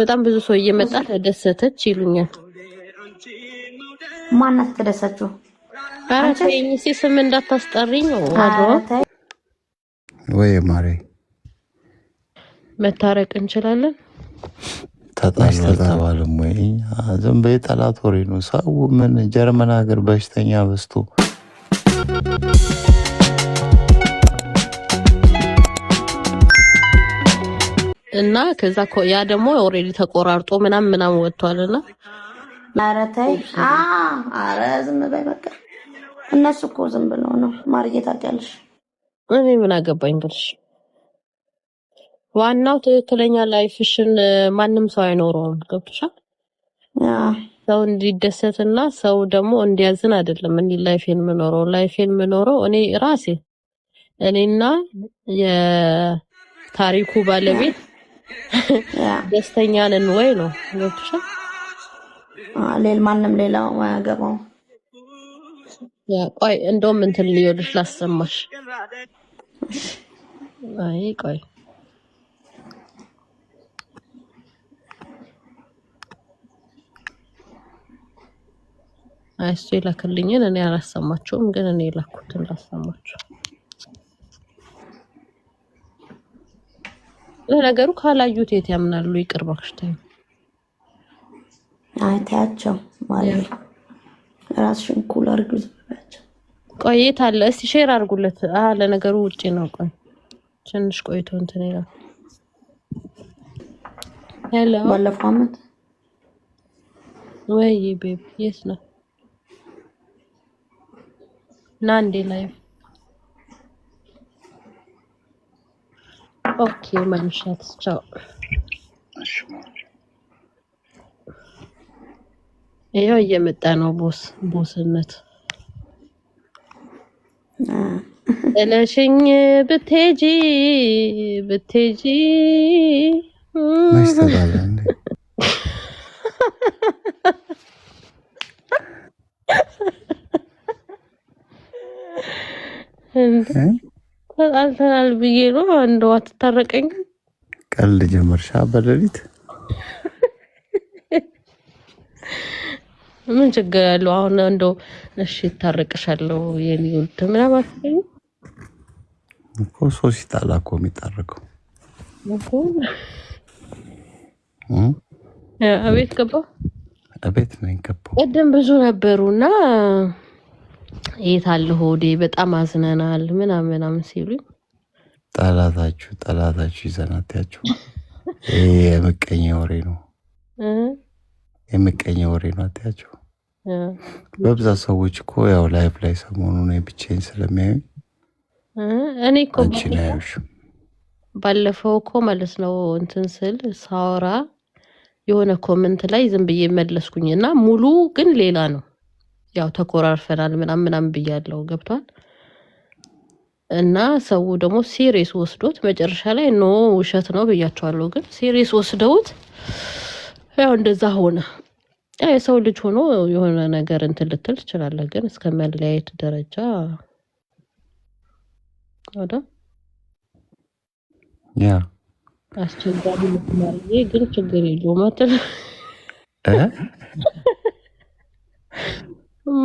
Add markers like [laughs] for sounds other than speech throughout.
በጣም ብዙ ሰው እየመጣ ተደሰተች ይሉኛል። ማናት ተደሰችው? ኧረ ተይኝ እስኪ ስም እንዳታስጠሪኝ ነው ወይ ማሬ። መታረቅ እንችላለን። ተጣልተዋልም ወይ? ዝም በይ ጠላት ወሬ ነው። ሰው ምን ጀርመን ሀገር በሽተኛ በዝቶ እና ከዛ ያ ደግሞ ኦልሬዲ ተቆራርጦ ምናምን ምናምን እና ኧረ ተይ ኧረ ዝም በይ በቃ። እነሱ እኮ ዝም ብለው ነው ማርዬ፣ ታውቂያለሽ። እኔ ምን አገባኝ ብልሽ፣ ዋናው ትክክለኛ ላይፍሽን ማንም ሰው አይኖረውም። ገብቶሻል? ሰው እንዲደሰትና ሰው ደግሞ እንዲያዝን አይደለም እኔ ላይፌን የምኖረው ላይፌን የምኖረው እኔ ራሴ እኔና የታሪኩ ባለቤት [laughs] ደስተኛ ነን ወይ ነው ገብቶሻል? ሌል ማንም ሌላው አያገባው። ቆይ እንደውም እንትን ልዮልሽ ላሰማሽ። አይ ቆይ እሱ የላክልኝን እኔ አላሰማችሁም፣ ግን እኔ የላኩትን ላሰማችሁ። ለነገሩ ካላዩት የት ያምናሉ? ይቅር እባክሽ ተይው። አይታያቸው ማለት ራስሽን ኩል አድርጊው። ዝምባቸው ቆየት አለ። እስቲ ሼር አርጉለት። አሃ ለነገሩ ውጪ ነው። ቆይ ትንሽ ቆይቶ እንትን ይላል። ሄሎ ባለፈው አመት ወይ ቤብ የት ነው? ና እንዴ ላይፍ ኦኬ ማንሻት ቻው። ይኸው እየመጣ ነው። ቦስ ቦስነት ጥለሽኝ ብትሄጂ ብትሄጂ ተጣልተናል ብዬ ነው እንደው አትታረቀኝ። ቀልድ ጀመርሻ በሌሊት ምን ችግር ያለው? አሁን እንደ እሺ ይታረቅሻለሁ የኔ ውድ ምናምን አትለኝ እኮ ሰው ሲጣላ እኮ የሚታረቀው አቤት ገባ አቤት ነኝ ገባ ቀደም ብዙ ነበሩና የት አለ ሆዴ በጣም አዝነናል ምናምን ምናምን ሲሉኝ ጠላታችሁ ጠላታችሁ ይዘናትያችሁ [laughs] የምቀኝ ወሬ ነው የምቀኝ ወሬ ነው አትያቸው። በብዛት ሰዎች እኮ ያው ላይፍ ላይ ሰሞኑ ሰሞኑን ብቻዬን ስለሚያዩኝ እኔ እኮ ባለፈው እኮ ማለት ነው እንትን ስል ሳወራ የሆነ ኮመንት ላይ ዝም ብዬ መለስኩኝ እና ሙሉ ግን ሌላ ነው ያው ተኮራርፈናል ምናም ምናም ብያለው ገብቷል። እና ሰው ደግሞ ሲሪስ ወስዶት መጨረሻ ላይ ኖ ውሸት ነው ብያቸዋለሁ፣ ግን ሲሪስ ወስደውት ያው እንደዛ ሆነ። የሰው ልጅ ሆኖ የሆነ ነገር እንትን ልትል ትችላለህ፣ ግን እስከ መለያየት ደረጃ ወደ ያ አስቸጋሪ ግን ችግር የለውም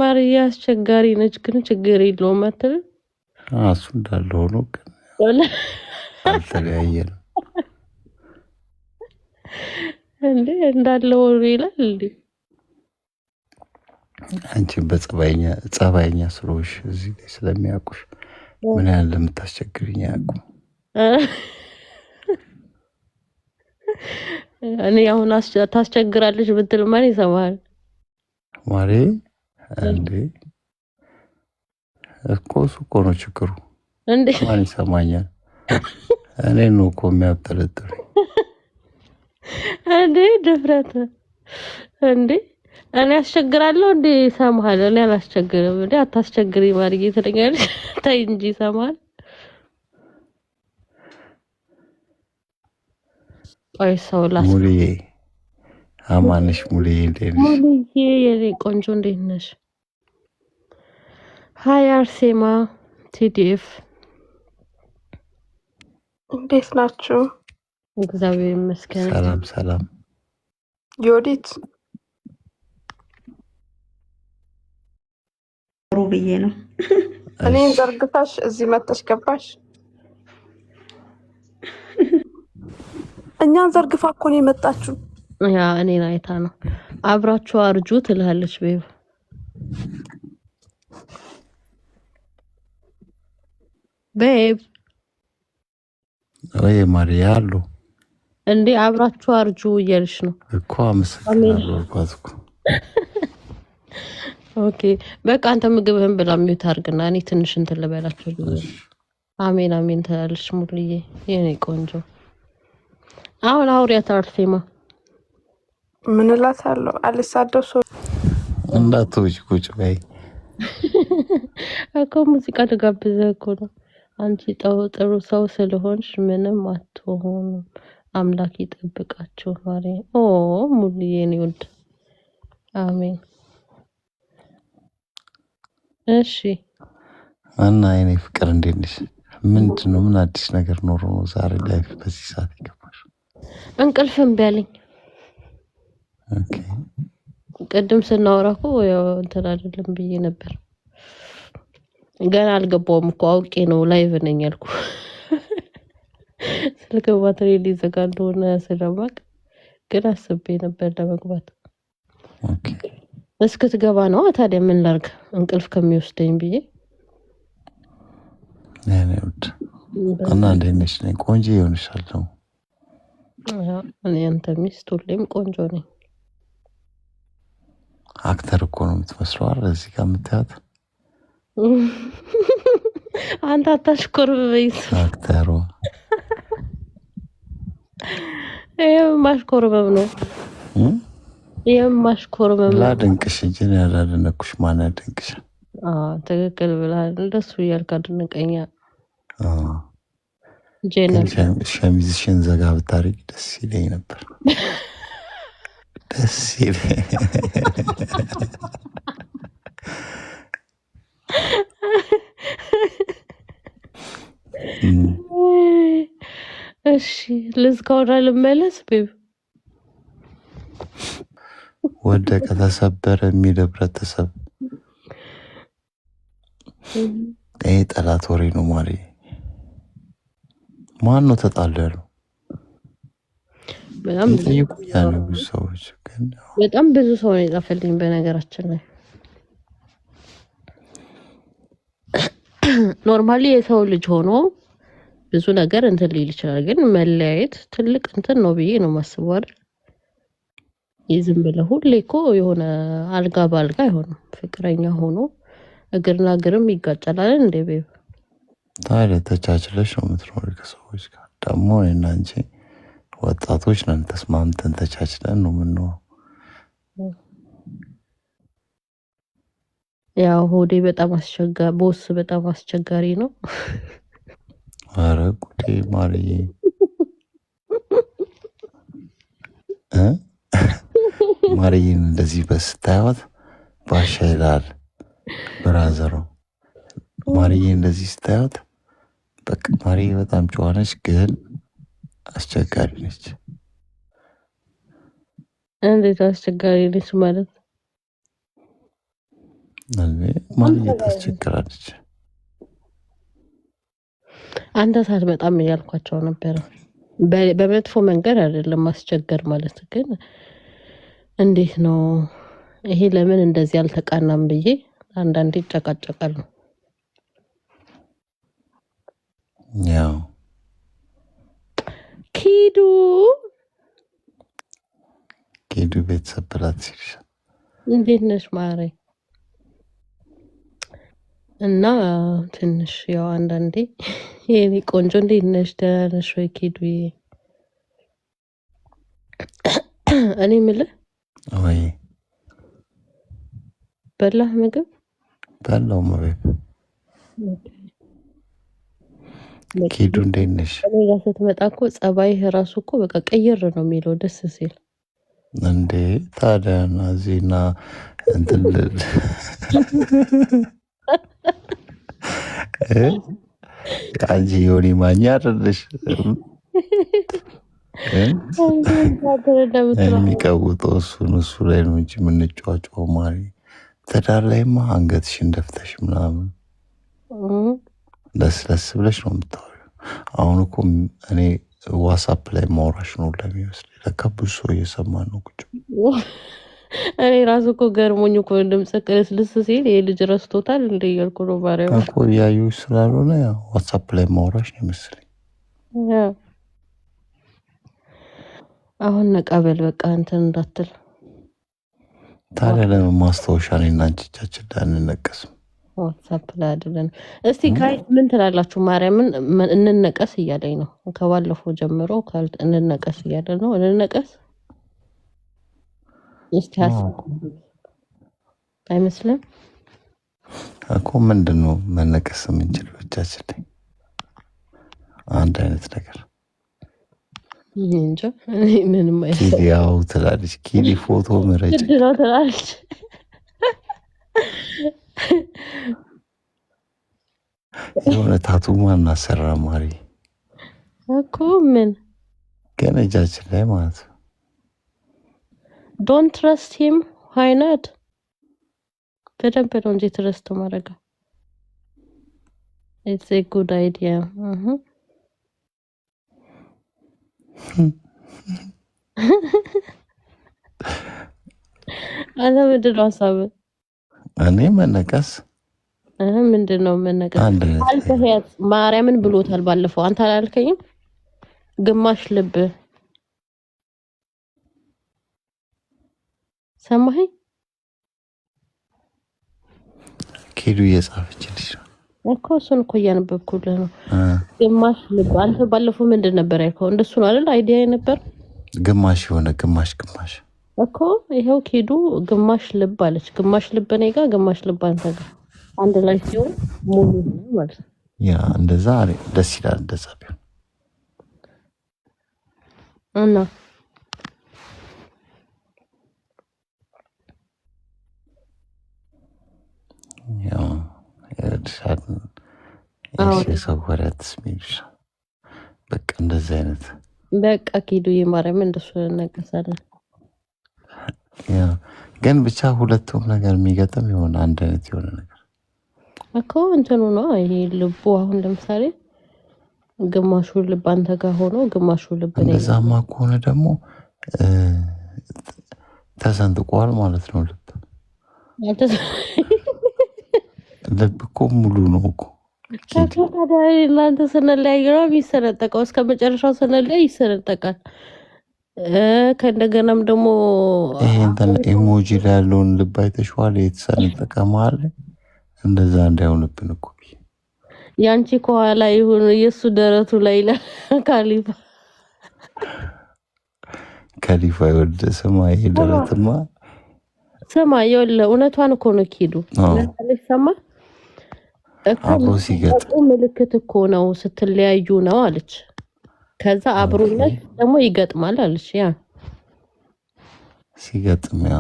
ባርዬ አስቸጋሪ ነች፣ ግን ችግር የለውም አትልም? እሱ እንዳለ ሆኖ ግን አልተለያየንም እንዴ? እንዳለ ሆኖ ይላል እንዴ? አንቺ በጸባይኛ ጸባይኛ ስለሆንሽ እዚህ ላይ ስለሚያውቁሽ ምን ያህል ለምታስቸግርኝ አያውቁም። እኔ አሁን ታስቸግራለች ብትል ማን ይሰማል ማሬ? እንዴ እኮ እሱ እኮ ነው ችግሩ። እንዴ ማን ይሰማኛል? እኔ ነው እኮ የሚያጠለጥል። እንዴ ድፍረት እንዴ እኔ አስቸግራለሁ እንዴ? ይሰማሃል? እኔ አላስቸግርም እንዴ። አታስቸግሪ ማርጌ ትለኛለች። [laughs] ተይ እንጂ ይሰማል። ቆይ ሰው ላስ አማንሽ ሙሉ ሙሉዬ የኔ ቆንጆ እንዴት ነሽ? ሀይ አርሴማ ቲዲኤፍ እንዴት ናችሁ? እግዚአብሔር ይመስገን። ሰላም ሰላም። ዮዲት ሩ ብዬ ነው እኔን ዘርግታሽ እዚህ መተሽ ገባሽ። [laughs] እኛን ዘርግፋ እኮ ነው ያ እኔን አይታ ነው። አብራችሁ አርጁ ትልሃለች። ቤብ ቤብ ወይ ማርያ አሉ እንዴ? አብራችሁ አርጁ እያልሽ ነው እኮ አመሰግናለሁ። ኦኬ በቃ አንተ ምግብህን ብላ ሚውት አርግና እኔ ትንሽ እንትን ልበላቸው። አሜን አሜን ትላለች ሙሉዬ፣ የኔ ቆንጆ። አሁን አውሪያት አርሴማ ምን እላታለሁ? አልሳደብ ሰው እንዳትውጭ ቁጭ በይ እኮ ሙዚቃ ልጋብዘ እኮ ነው። አንቺ ጥሩ ሰው ስለሆንሽ ምንም አትሆኑም። አምላክ ይጠብቃችሁ። ማሪ ኦ ሙሉ የኔ ውድ አሜን። እሺ እና የኔ ፍቅር እንዴት ነሽ? ምንድን ነው ምን አዲስ ነገር ኖሮ ነው ዛሬ ላይፍ በዚህ ሰዓት የገባሽ? እንቅልፍ እምቢ አለኝ። ቅድም ስናወራ እኮ ያው እንትን አይደለም ብዬ ነበር። ገና አልገባውም እኮ አውቄ ነው ላይቭ ነኝ ያልኩ። ስልክ ባትሪ ሊዘጋ እንደሆነ ስለማቅ ግን አስቤ ነበር ለመግባት። እስክትገባ ነው ታዲያ ምን ላርግ? እንቅልፍ ከሚወስደኝ ብዬ እና እንዴት ነሽ? ቆንጆ ይሆንሻል። እኔ አንተ ሚስት ሁሌም ቆንጆ ነኝ። አክተር እኮ ነው የምትመስለዋል። እዚህ ጋር የምታያት [laughs] አንተ አታሽኮርብ በይት አክተሯ ይህም ማሽኮርበብ ነው። ይህም ማሽኮርበብ ላድንቅሽ እንጂ ያላደነኩሽ ማን ያድንቅሽ? ትክክል ብላል። እንደሱ እያልክ አድንቀኛ። ሸሚዝሽን ዘጋ ብታደርጊ ደስ ይለኝ ነበር። [laughs] ደስ [laughs] እሺ ልዝጋውና ልመለስ። ቤብ ወደቀ፣ ተሰበረ የሚል ህብረተሰብ ይህ ጠላት ወሬ ነው። ማሪ ማን ነው ተጣለ ነው በጣም ብዙ ሰው ነው የጻፈልኝ። በነገራችን ላይ ኖርማሊ የሰው ልጅ ሆኖ ብዙ ነገር እንትን ሊል ይችላል፣ ግን መለያየት ትልቅ እንትን ነው ብዬ ነው የማስበው አይደል? የዝም ብለህ ሁሌ እኮ የሆነ አልጋ በአልጋ አይሆንም። ፍቅረኛ ሆኖ እግርና እግርም ይጋጨላል እንደ ቤብ። ታዲያ ተቻችለሽ ነው የምትኖሪ ከሰዎች ጋር ደግሞ እኔና አንቺ ወጣቶች ነን። ተስማምተን ተቻችለን ነው የምንሆነው። ያው ሆዴ በጣም አስቸጋሪ ቦስ በጣም አስቸጋሪ ነው። አረ ጉዴ ማርዬ ማርዬን እንደዚህ በስታያት ባሻ ይላል ብራዘሮ። ማርዬ እንደዚህ ስታያት በቃ ማርዬ በጣም ጨዋነች ግን አስቸጋሪ ነች። እንዴት አስቸጋሪ ነች ማለት? ማንኛት አስቸግራለች። አንተ በጣም እያልኳቸው ነበረ። በመጥፎ መንገድ አይደለም ማስቸገር ማለት ግን እንዴት ነው ይሄ ለምን እንደዚህ አልተቃናም ብዬ አንዳንዴ ነው ያው ኪዱ ኪዱ ቤተሰብ ብላት ሲልሻ እንዴት ነሽ ማሬ? እና ትንሽ ያው አንዳንዴ የኔ ቆንጆ እንዴት ነሽ? ደህና ነሽ ወይ ኪዱዬ? እኔ የምልህ ወይ በላህ ምግብ በላው መቤት ኪዱ እንዴት ነሽ? እኔ ጋር ስትመጣ እኮ ጸባይህ ራሱ እኮ በቃ ቀይር ነው የሚለው ደስ ሲል እንዴ። ታዲያና እዚህና እንትን [laughs] አንቺ የሆነ ማኛ አይደለሽ የሚቀውጠው እሱን እሱ ላይ ነው እንጂ የምንጫዋጫው ማሪ ትዳር ላይማ አንገትሽን ደፍተሽ ምናምን ለስለስ ብለሽ ነው የምታወሪው። አሁን እኮ እኔ ዋትሳፕ ላይ ማውራሽ ነው ለሚመስል ለካ ብዙ ሰው እየሰማ ነው። ቁጭ እኔ ራሱ እኮ ገርሞኝ እኮ ድምፅ ቅልስልስ ሲል ይህ ልጅ ረስቶታል እንደ እያልኩ ነው። ባሪያ እኮ እያዩሽ ስላልሆነ ዋትሳፕ ላይ ማውራሽ ነው ይመስለኝ። አሁን ነቃ በቃ እንትን እንዳትል። ታዲያ ለምን ማስታወሻ እኔና አንቺ እጃችን ላይ አንነቀስም? ዋትሳፕ ላይ አይደለም። እስቲ ጋይ ምን ትላላችሁ? ማርያምን እንነቀስ እያለኝ ነው። ከባለፈው ጀምሮ እንነቀስ እያለ ነው። እንነቀስ እስቲ ሀሳብ አይመስልም እኮ ምንድን ነው መነቀስ የምንችል ብቻችን ላይ አንድ አይነት ነገር ኪዲያው ትላለች። ኪዲ ፎቶ ምረጭ ነው ትላለች የሆነ ታቱ ማን አሰራ ማሪ እኮ ምን ገና እጃችን ላይ ማለት ነው። ዶንት ትረስት ሂም ሀይናድ በደንብ ነው እንጂ ትረስት ማድረገው ኢትስ ኤ ጉድ አይዲያ አለ ምንድን ነው ሀሳብህ? እኔ መነቀስ ምንድን ነው መነቀስ? አልፈያት ማርያምን ብሎታል ባለፈው። አንተ አላልከኝም? ግማሽ ልብ ሰማኸኝ። ኬዱ እየጻፈችልሽ እኮ እሱን እኮ እያነበብኩልህ ነው። ግማሽ ልብ አንተ ባለፈው ምንድን ነበር ያልከው? እንደሱ ነው አይደል? አይዲያ ነበር ግማሽ የሆነ ግማሽ ግማሽ እኮ ይኸው ኬዱ ግማሽ ልብ አለች። ግማሽ ልብ እኔ ጋ፣ ግማሽ ልብ አንተ ጋ አንድ ላይ ሲሆን ሙሉ ማለት ነው። ያ እንደዛ ደስ ይላል። እንደዛ ቢሆን እና ያው እርሻን በቃ እንደዚህ አይነት በቃ ኪዱ የማርያምን እንደሱ ነገሳለን ግን ብቻ ሁለቱም ነገር የሚገጥም የሆነ አንድ አይነት የሆነ ነገር እኮ እንትኑ ነው። ይሄ ልቡ አሁን ለምሳሌ ግማሹ ልብ አንተ ጋር ሆኖ ግማሹ ልብ እንደዛማ ከሆነ ደግሞ ተሰንጥቋል ማለት ነው። ልብ ልብ እኮ ሙሉ ነው እኮ እናንተ ስንለያይ ነው የሚሰነጠቀው። እስከ መጨረሻው ስንለያይ ይሰነጠቃል። ከእንደገናም ደግሞ ኢሞጂ ላይ ያለውን ልብ አይተሽዋል? የተሰን ጠቀመዋል። እንደዛ እንዳይሆንብን እኮ የአንቺ ከኋላ ይሁን የእሱ ደረቱ ላይ ይላል [laughs] ካሊፋ ከሊፋ የወደ ስማ ይሄ ደረትማ ስማ የወለ እውነቷን እኮ ነው። ኪዱ ሰማ አብሮ ሲገጥ ምልክት እኮ ነው ስትለያዩ ነው አለች። ከዛ አብሮነት ደግሞ ይገጥማል አለች። ያ ሲገጥም ያ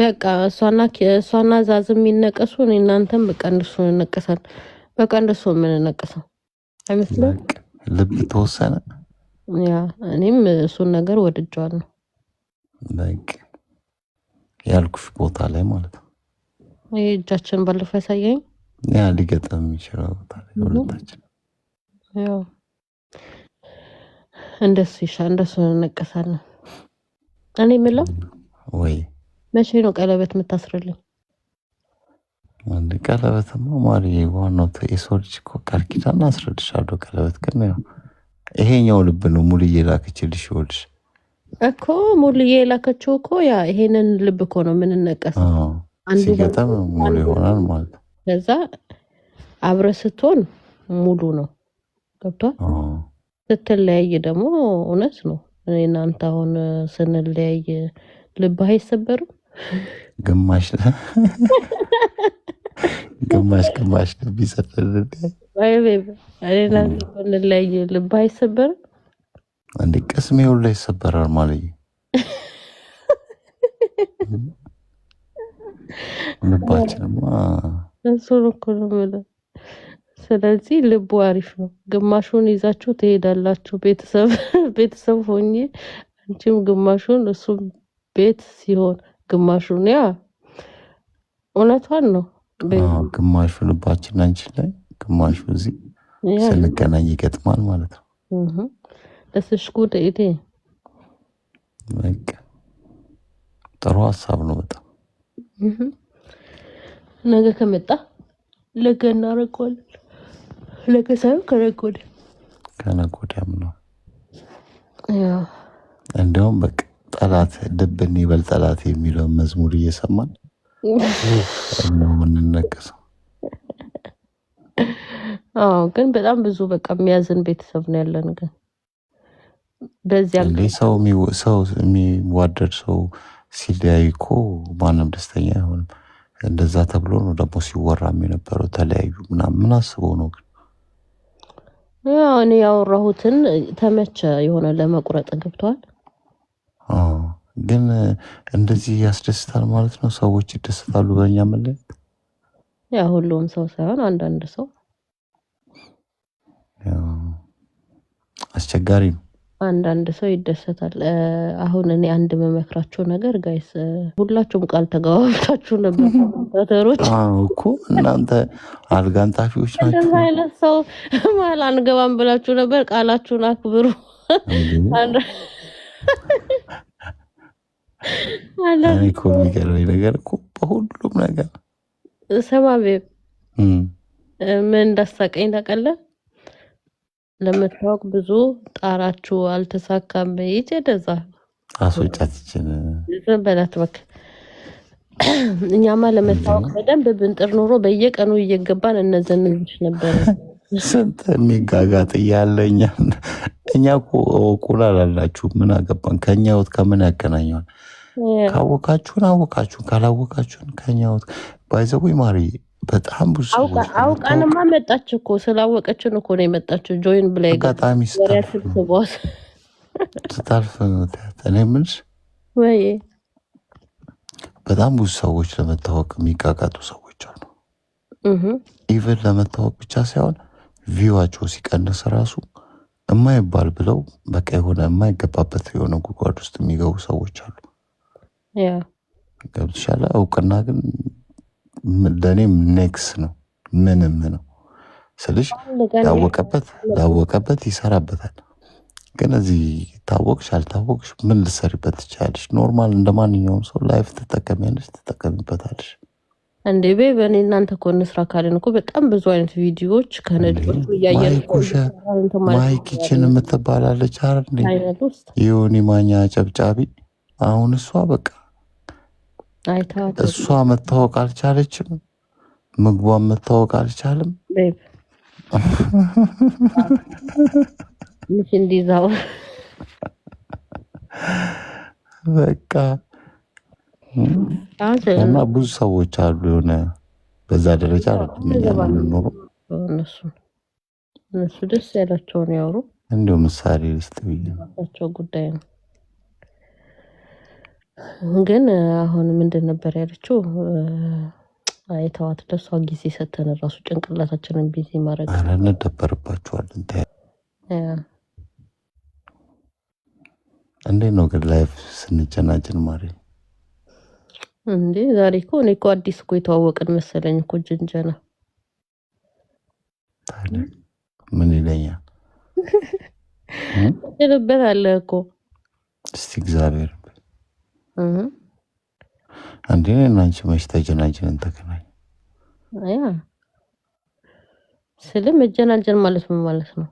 በቃ እሷና እሷና ዛዝ የሚነቀሱ እናንተም በቃ እንደሱ እንነቀሳል። በቃ እንደሱ የምንነቀሰው አይመስልም። ልብ ተወሰነ። ያ እኔም እሱን ነገር ነው በቃ ያልኩሽ ቦታ ላይ ማለት ነው። ይህ እጃችን ባለፈው ያሳየኝ ያ ሊገጥም የሚችለው ቦታ ላይ ሁለታችን እንደሱ ይሻ እንደሱ እንነቀሳለን። እኔ የምለው ወይ መቼ ነው ቀለበት የምታስርልኝ? ቀለበትማ ማሪ ዋናው የሰው ልጅ እኮ ቃል ኪዳን አስረድሻለሁ። ቀለበት ግን ይሄኛው ልብ ነው ሙሉዬ ላከችልሽ። ይኸውልሽ እኮ ሙሉዬ የላከችው እኮ ያ ይሄንን ልብ እኮ ነው የምንነቀስ። ሲገጠም ሙሉ ይሆናል ማለት ከዛ አብረ ስትሆን ሙሉ ነው ገብቷል። ስትለያይ ደግሞ እውነት ነው። እናንተ አሁን ስንለያይ ልብህ አይሰበርም? ግማሽ ግማሽ ግማሽ ልብ ይሰበርልኝ። እናንተ ስንለያይ ልብህ አይሰበርም? እንደ ቅስሜ ሁሉ ይሰበራል ማለት [laughs] ልባችንማ እሱን እኮ ነው የምልህ ስለዚህ ልቡ አሪፍ ነው። ግማሹን ይዛችሁ ትሄዳላችሁ። ቤተሰብ [laughs] ቤተሰብ ሆኜ አንቺም ግማሹን እሱም ቤት ሲሆን ግማሹን ያ እውነቷን ነው። ግማሹ ልባችን አንቺን ላይ፣ ግማሹ እዚህ ስንገናኝ ይገጥማል ማለት ነው። ለስሽኩድ ኢዴ ጥሩ ሀሳብ ነው በጣም ነገ ከመጣ ለገ እናደርገዋለን። ነገ ሳይሆን ከነገ ወዲያ ከነገ ወዲያም ነው። እንዲያውም በቃ ጠላት ልብን ይበል ጠላት የሚለውን መዝሙር እየሰማን ነው የምንነቀሰው። አዎ ግን በጣም ብዙ በቃ የሚያዝን ቤተሰብ ነው ያለን። ግን በዚያ ሰው ሰው የሚዋደድ ሰው ሲለያይ እኮ ማንም ደስተኛ አይሆንም። እንደዛ ተብሎ ነው ደግሞ ሲወራም የነበረው ተለያዩ ምናምን ምን አስበው ነው ግን እኔ ያወራሁትን ተመቸ የሆነ ለመቁረጥ ገብቷል። ግን እንደዚህ ያስደስታል ማለት ነው። ሰዎች ይደስታሉ በእኛ መለየት። ያ ሁሉም ሰው ሳይሆን አንዳንድ ሰው አስቸጋሪ ነው። አንዳንድ ሰው ይደሰታል። አሁን እኔ አንድ መመክራቸው ነገር ጋይስ፣ ሁላችሁም ቃል ተገባብታችሁ ነበር ተሮች እኮ እናንተ አልጋንታፊዎች ናቸው። አይነት ሰው መሀል አንገባም ብላችሁ ነበር። ቃላችሁን አክብሩ። እኔ የሚገርመኝ ነገር እኮ በሁሉም ነገር ሰማቤ ምን እንዳሳቀኝ ታውቃለህ? ለመታወቅ ብዙ ጣራችሁ አልተሳካም። ይች ደዛ አስወጫትችን ዝም በላት በቃ። እኛማ ለመታወቅ በደንብ ብንጥር ኖሮ በየቀኑ እየገባን እነዘንች ነበረ። ስንት እንጋጋጥ እያለ እኛ ቁላል አላላችሁ ምን አገባን? ከእኛ ወት ከምን ያገናኘዋል? ካወቃችሁን አወቃችሁን፣ ካላወቃችሁን ከእኛ ወት ባይዘዊ ማሪ በጣም ብዙ አውቃንማ መጣች እኮ ስላወቀችን እኮ ነው የመጣችው። ጆይን ብላ አጋጣሚ ስታልፍ እኔ የምልሽ ወይ በጣም ብዙ ሰዎች ለመታወቅ የሚቃቃጡ ሰዎች አሉ። ኢቨን ለመታወቅ ብቻ ሳይሆን ቪዋቸው ሲቀንስ ራሱ የማይባል ብለው በቃ የሆነ የማይገባበት የሆነ ጉድጓድ ውስጥ የሚገቡ ሰዎች አሉ። ገብቶሻል። እውቅና ግን ለእኔም ኔክስ ነው ምንም ነው ስልሽ ያወቀበት ያወቀበት ይሰራበታል። ግን እዚህ ታወቅሽ አልታወቅሽ ምን ልሰሪበት ትችላለሽ? ኖርማል እንደ ማንኛውም ሰው ላይፍ ትጠቀሚያለሽ፣ ትጠቀሚበታለሽ። እንዴ ቤ በእኔ እናንተ እኮ ስራ ካለን እኮ በጣም ብዙ አይነት ቪዲዮዎች ከነድሮቹ ማይኪችን የምትባላለች አ ውስጥ ማኛ ጨብጫቢ አሁን እሷ በቃ እሷ መታወቅ አልቻለችም። ምግቧን መታወቅ አልቻለም። እንዲዛው በቃ እና ብዙ ሰዎች አሉ። የሆነ በዛ ደረጃ ኖሩ እነሱ ደስ ያላቸውን ያውሩ። እንዲሁ ምሳሌ ውስጥ ጉዳይ ነው። ግን አሁን ምንድን ነበር ያለችው? አይተዋት ለሷ ጊዜ ሰተን ራሱ ጭንቅላታችንን ቢዚ ማድረግ እንደበርባችኋለን። እንዴት ነው ግን ላይፍ ስንጀናጅን ማሪ እንዴ ዛሬ እኮ እኔ እኮ አዲስ እኮ የተዋወቅን መሰለኝ እኮ ጅንጀና ምን ይለኛል ልበት አለ እኮ እስቲ እግዚአብሔር Mm-hmm. አንዴ እኔና አንቺ መች ተጀናጀን ተገናኝ ስል መጀናጀን ማለት ምን ማለት ነው?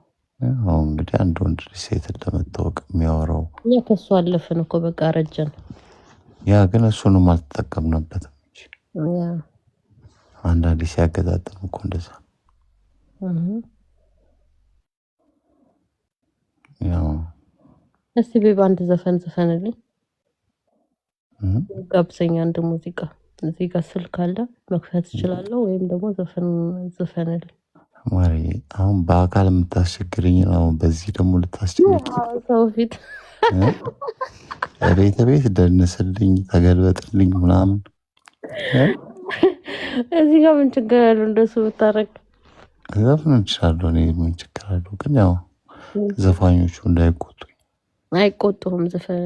አሁን እንግዲህ አንድ ወንድ ልጅ ሴትን ለመታወቅ የሚያወራው እኛ ከሱ አለፍን እኮ በቃ ረጀን። ያ ግን እሱንም አልተጠቀምንበትም። አንዳንዴ ሲያገጣጥም እኮ እንደዛ mm-hmm. እስቲ ቤባ አንድ ዘፈን ዘፈንልኝ። ጋብዘኛ አንድ ሙዚቃ እዚህ ጋር ስልክ አለ መክፈት እችላለሁ፣ ወይም ደግሞ ዘፈንል ማሪ አሁን በአካል የምታስቸግርኝ ነው። በዚህ ደግሞ ልታስቸግር ሰው ፊት ቤተ ቤት ደንስልኝ፣ ተገልበጥልኝ ምናምን እዚህ ጋር ምን ችግር አለው? እንደሱ ብታረግ ዘፍን እንችላለሁ። እኔ ምን ችግር አለው? ግን ያው ዘፋኞቹ እንዳይቆጡ አይቆጡም። ዘፈን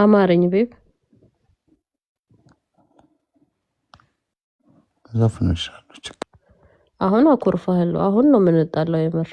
አማረኝ ቤብ ዘፍንሻለሁ። አሁን አኩርፋለሁ። አሁን ነው የምንጣላው የምር